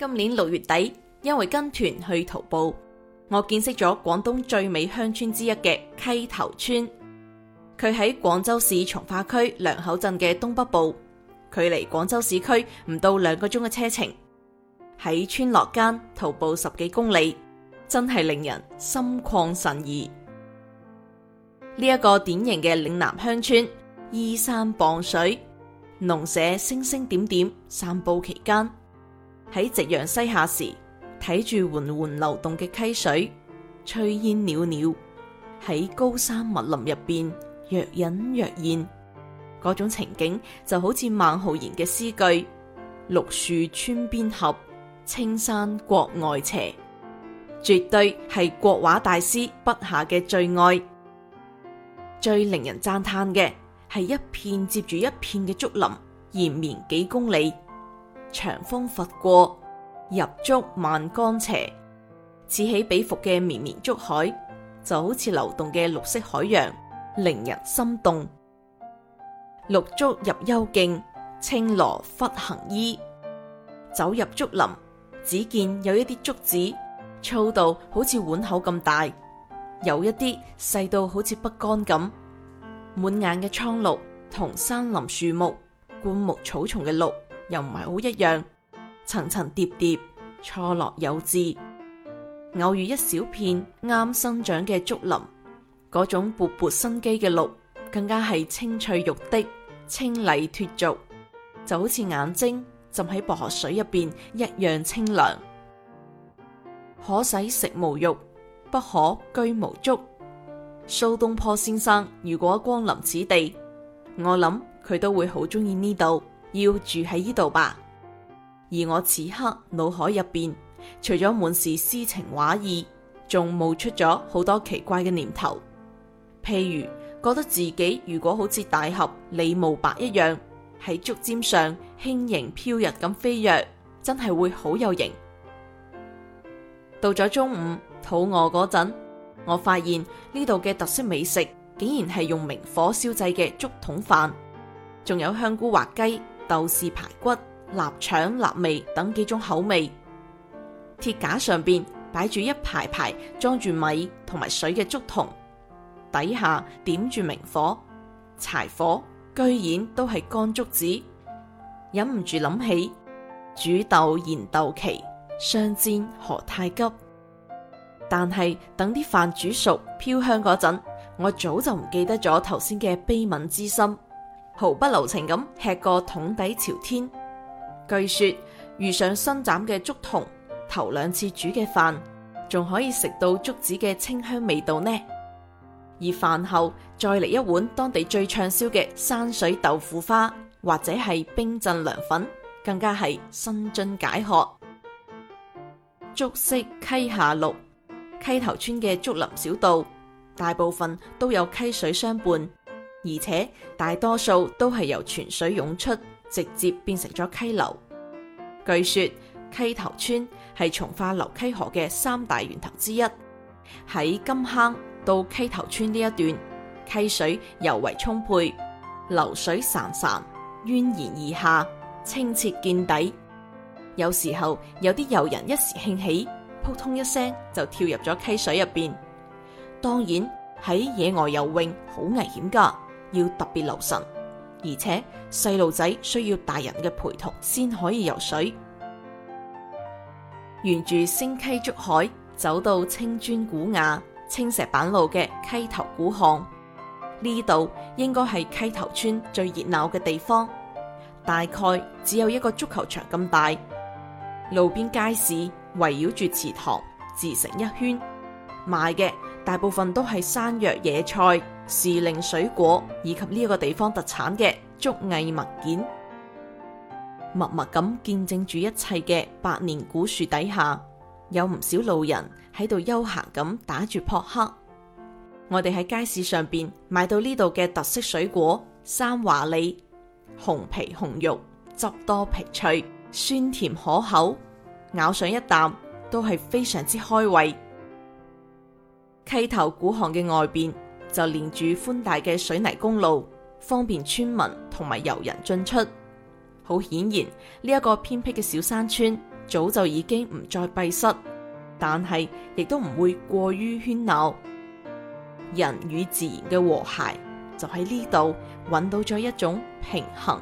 今年六月底，因為跟團去徒步，我見識咗廣東最美鄉村之一嘅溪頭村。佢喺廣州市從化區良口鎮嘅東北部，距離廣州市區唔到兩個鐘嘅車程。喺村落間徒步十幾公里，真係令人心曠神怡。呢、這、一個典型嘅嶺南鄉村，依山傍水，農舍星星點點，散佈其間。喺夕陽西下時，睇住緩緩流動嘅溪水，炊煙裊裊，喺高山密林入邊若隱若現，嗰種情景就好似孟浩然嘅詩句：綠樹村邊合，青山郭外斜，絕對係國畫大師筆下嘅最愛。最令人讚嘆嘅係一片接住一片嘅竹林，延綿幾公里。長風拂過，入竹萬竿斜。此起彼伏嘅綿綿竹海，就好似流動嘅綠色海洋，令人心動。綠竹入幽徑，青蘿拂行衣。走入竹林，只見有一啲竹子粗到好似碗口咁大，有一啲細到好似筆桿咁。滿眼嘅蒼綠同山林樹木、灌木草叢嘅綠，又唔係好一樣，層層疊疊，錯落有致，偶遇一小片啱生長嘅竹林，嗰種勃勃生機嘅綠，更加係青翠欲滴、清麗脫俗，就好似眼睛浸喺薄荷水入邊一樣清涼。可使食無肉，不可居無竹。蘇東坡先生如果光臨此地，我諗佢都會好中意呢度。要住喺呢度吧，而我此刻腦海入邊，除咗滿是詩情畫意，仲冒出咗好多奇怪嘅念頭，譬如覺得自己如果好似大俠李慕白一樣，喺竹尖上輕盈飄逸咁飛躍，真係會好有型。到咗中午肚餓嗰陣，我發現呢度嘅特色美食竟然係用明火燒製嘅竹筒飯，仲有香菇滑雞。豆豉排骨、臘腸、臘味等幾種口味。鐵架上邊擺住一排排裝住米同埋水嘅竹筒，底下點住明火柴火，居然都係乾竹子。忍唔住諗起煮豆燃豆萁，相煎何太急。但係等啲飯煮熟飄香嗰陣，我早就唔記得咗頭先嘅悲憫之心。毫不留情咁吃個桶底朝天。據說遇上新斬嘅竹筒，頭兩次煮嘅飯仲可以食到竹子嘅清香味道呢。而飯後再嚟一碗當地最暢銷嘅山水豆腐花，或者係冰鎮涼粉，更加係生津解渴。竹色溪下綠，溪頭村嘅竹林小道，大部分都有溪水相伴。而且大多數都係由泉水湧出，直接變成咗溪流。據說溪頭村係從化流溪河嘅三大源頭之一。喺金坑到溪頭村呢一段，溪水尤為充沛，流水潺潺，蜿蜒而下，清澈見底。有時候有啲遊人一時興起，撲通一聲就跳入咗溪水入邊。當然喺野外游泳好危險㗎。要特別留神，而且細路仔需要大人嘅陪同先可以游水。沿住星溪竹海走到青磚古瓦、青石板路嘅溪頭古巷，呢度應該係溪頭村最熱鬧嘅地方，大概只有一個足球場咁大。路邊街市圍繞住祠堂自成一圈，賣嘅大部分都係山藥、野菜、時令水果以及呢個地方特產嘅竹藝物件，默默咁見證住一切嘅百年古樹底下，有唔少路人喺度悠閒咁打住撲克。我哋喺街市上邊買到呢度嘅特色水果——三華李，紅皮紅肉，汁多皮脆，酸甜可口，咬上一啖都係非常之開胃。溪頭古巷嘅外邊，就連住寬大嘅水泥公路，方便村民同埋遊人進出。好顯然，呢一個偏僻嘅小山村早就已經唔再閉塞，但係亦都唔會過於喧鬧。人與自然嘅和諧就喺呢度揾到咗一種平衡。